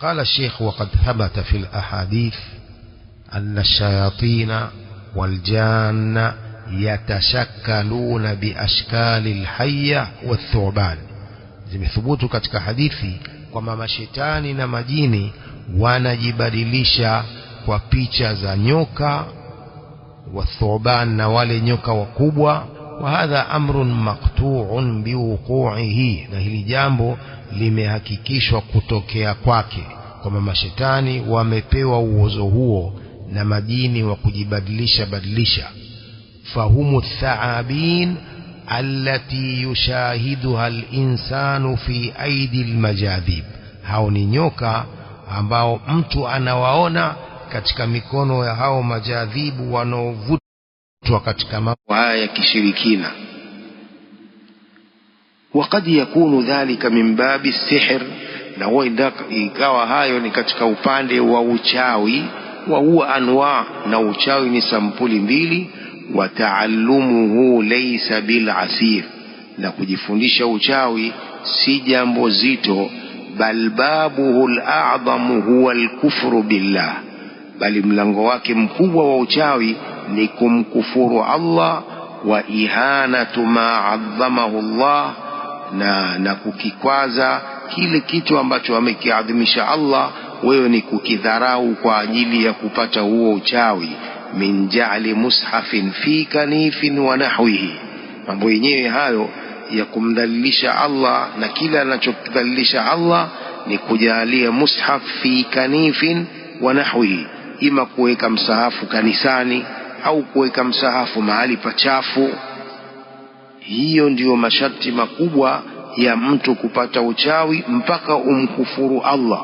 قال الشيخ وقد ثبت في الأحاديث أن الشياطين والجان يتشكلون بأشكال الحية والثعبان ثبوت كتك حديثي وما مشتان نمجيني وانا جبدلشا وبيتشا زنيوكا والثعبان نوالي نيوكا وكوبوا وهذا أمر مقطوع بوقوعه na hili jambo limehakikishwa kutokea kwake kwamba mashetani wamepewa uozo huo na majini wa kujibadilisha badilisha fahumu thaabin allati yushahiduha alinsanu fi aidi lmajadhib hao ni nyoka ambao mtu anawaona katika mikono ya hao majadhibu wanaovuta kutoa katika mambo haya ya kishirikina. Wakad yakunu dhalika min babi sihr, na huwa ikawa hayo ni katika upande wa uchawi wa huwa anwa, na uchawi ni sampuli mbili. Wa taallumuhu laysa bil asir, na kujifundisha uchawi si jambo zito. Bal babuhu al a'dhamu huwa al kufru billah bali mlango wake mkubwa wa uchawi ni kumkufuru Allah wa ihanatu ma adhamahu Allah, na na kukikwaza kile kitu ambacho amekiadhimisha Allah, wewe ni kukidharau kwa ajili ya kupata huo uchawi. Min jaali mushafin fi kanifin wa nahwihi, mambo yenyewe hayo ya kumdhalilisha Allah na kile anachokidhalilisha Allah ni kujalia mushaf fi kanifin wa nahwihi ima kuweka msahafu kanisani au kuweka msahafu mahali pachafu. Hiyo ndiyo masharti makubwa ya mtu kupata uchawi mpaka umkufuru Allah.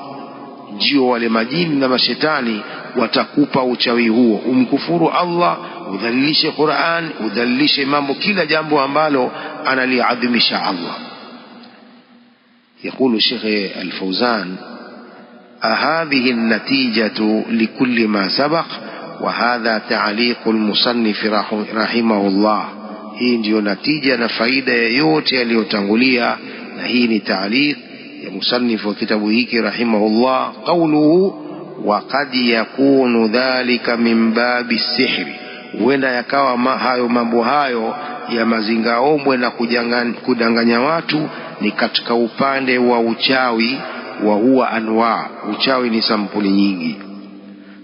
Ndio wale majini na mashetani watakupa uchawi huo, umkufuru Allah, udhalilishe Qur'an, udhalilishe mambo, kila jambo ambalo analiadhimisha Allah. yaqulu Shekhe Al-Fauzan ahadhihi natijatu likulli ma sabaq wa hadha taaliqu lmusannifi llah hii ndiyo natija na faida ya yote yaliyotangulia, na hii ni taaliq ya musannif wa kitabu hiki rahimahu llah Qauluhu wa qad yakunu dhalika min babi sihri, huenda yakawa hayo mambo hayo ya mazingaombwe na kudanganya watu ni katika upande wa uchawi wa huwa anwa, uchawi ni sampuli nyingi.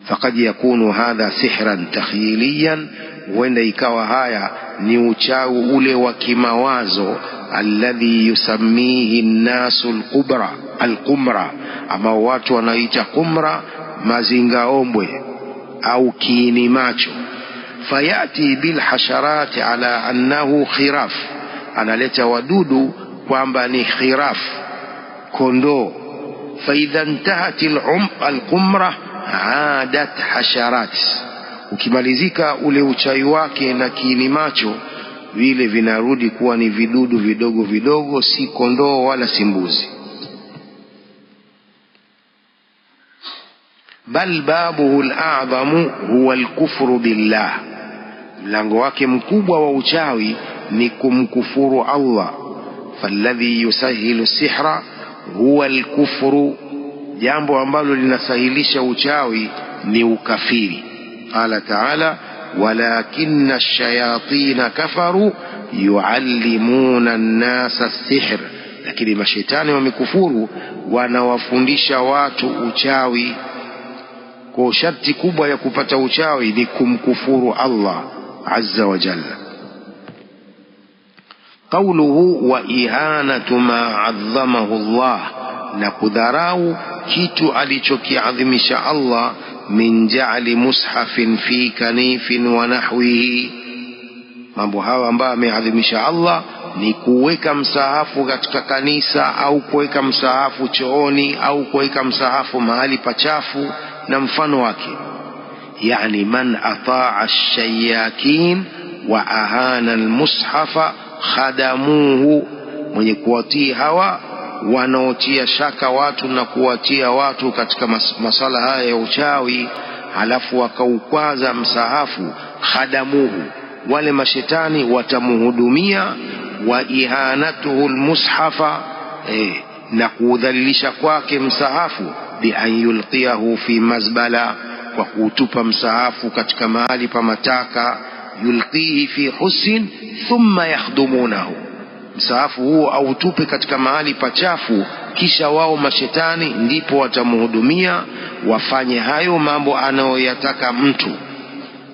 Fakad yakunu hadha sihran takhyiliyan, huenda ikawa haya ni uchawi ule wa kimawazo alladhi yusammihi nnasu alqubra alqumra, ambao watu wanaita qumra, ombwe au kiini macho. Fayati bilhasharati ala annahu khiraf, analeta wadudu kwamba ni khiraf, kondoo faidha ntahat alqumra adat hasharat, ukimalizika ule uchai wake na kiini macho vile vinarudi kuwa ni vidudu vidogo vidogo, si kondoo wala si mbuzi. Bal babuhu al huwa lkufru billah, mlango wake mkubwa wa uchawi ni kumkufuru Allah. Falladhi yusahilu sihra huwa alkufru, jambo ambalo linasahilisha uchawi ni ukafiri. Qala taala walakinna alshayatina kafaru yuallimuna nnasa sihr, lakini mashetani wamekufuru, wanawafundisha watu uchawi. Kwa sharti kubwa ya kupata uchawi ni kumkufuru Allah azza wa jalla. Qauluhu wa ihanatu ma adhamahu Allah, na kudharau kitu alichokiadhimisha Allah. Min jaali mushafin fi kanifin wa nahwihi, mambo hayo ambayo ameadhimisha Allah ni kuweka msahafu katika kanisa au kuweka msahafu chooni au kuweka msahafu mahali pachafu na mfano wake. Yani man ataa shayakin wa ahana almushafa khadamuhu, mwenye kuwatii hawa wanaotia shaka watu na kuwatia watu katika mas masala haya ya uchawi, halafu wakaukwaza msahafu. Khadamuhu, wale mashetani watamhudumia. Wa ihanatuhu lmushafa eh, na kuudhalilisha kwake msahafu. Bi an yulqiyahu fi mazbala, kwa kuutupa msahafu katika mahali pa mataka yulqihi fi hussin thumma yakhdumunahu, msaafu huo autupe katika mahali pachafu, kisha wao mashetani ndipo watamhudumia, wafanye hayo mambo anayoyataka mtu.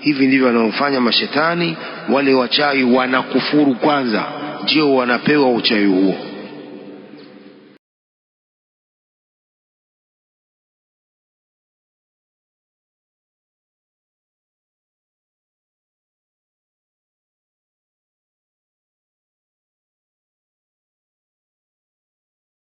Hivi ndivyo wanaofanya mashetani. Wale wachawi wanakufuru kwanza, ndio wanapewa uchawi huo.